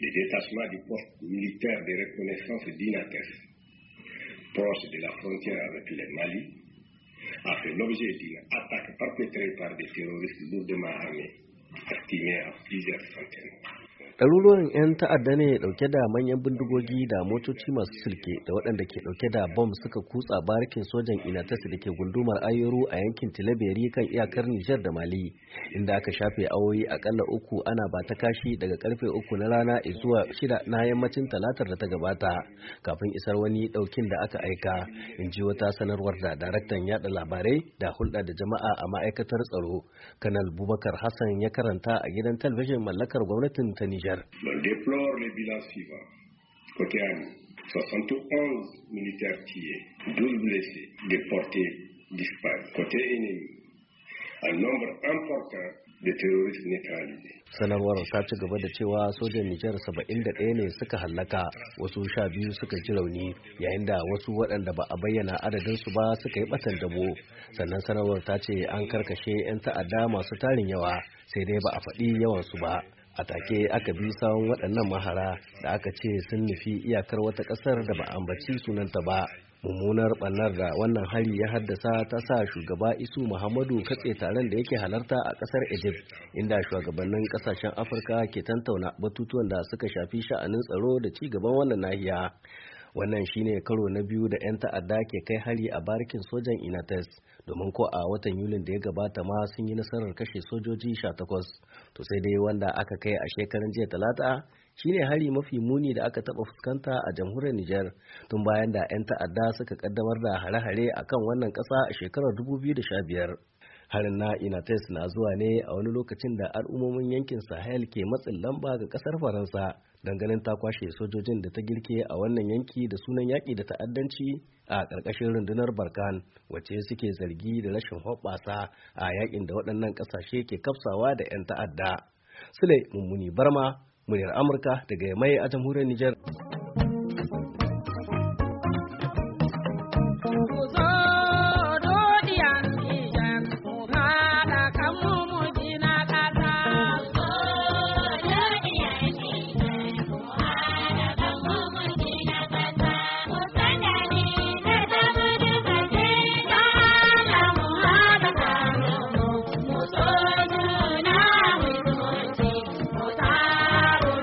Le détachement du poste militaire de reconnaissance d'INATES, proche de la frontière avec le Mali, a fait l'objet d'une attaque perpétrée par des terroristes lourdement armés, estimés à plusieurs centaines. ɗaruruwan 'yan ta'adda ne ɗauke da manyan bindigogi da motoci masu silke da waɗanda ke ɗauke da bom suka kutsa barikin sojan inatas da ke gundumar Ayyuru a yankin tilaberi kan iyakar nijar da mali inda aka shafe awoyi akalla uku ana ba ta kashi daga karfe uku na rana zuwa shida na yammacin talatar da ta gabata kafin isar wani ɗaukin da aka aika in ji wata sanarwar da daraktan yada labarai da hulɗa da jama'a a ma'aikatar tsaro kanal bubakar hassan ya karanta a gidan talabijin mallakar gwamnatin ta nijar Niger. sanarwar ta ci gaba da cewa sojan nijar 71 ne suka hallaka wasu sha biyu suka ji rauni yayin da wasu waɗanda ba a bayyana adadin su ba suka yi ɓatan dabo sannan sanarwar ta ce an karkashe 'yan ta'adda masu tarin yawa sai dai ba a faɗi yawansu ba a take aka bi sawon waɗannan mahara da aka ce sun nufi iyakar wata ƙasar da ba ambaci sunanta ba mummunar ɓannar da wannan hari ya haddasa ta sa shugaba isu muhammadu katse taron da yake halarta a ƙasar egypt inda shugabannin ƙasashen afirka ke tantauna batutuwan da suka shafi sha'anin tsaro da ci gaban wannan nahiya wannan shine karo na biyu da 'yan ta'adda ke kai hari a barikin sojan inates domin ko a watan yulin da ya gabata ma sun yi nasarar kashe sojoji 18 to sai dai wanda aka kai a shekaran jiya talata shine hari mafi muni da aka taba fuskanta a jamhuriyar niger tun bayan da 'yan ta'adda suka kaddamar da hare-hare akan wannan kasa a shekarar 2015 harin na inates na zuwa ne a wani lokacin da al'ummomin yankin sahel ke matsin lamba ga kasar faransa ganin ta kwashe sojojin da ta girke a wannan yanki da sunan yaƙi da ta'addanci a ƙarƙashin rundunar barkan wacce suke zargi da rashin hoɓɓasa a yaƙin da waɗannan ƙasashe ke kafsawa da 'yan ta'adda sule mummuni barma muryar amurka daga mai a jamhuriyar Nijar.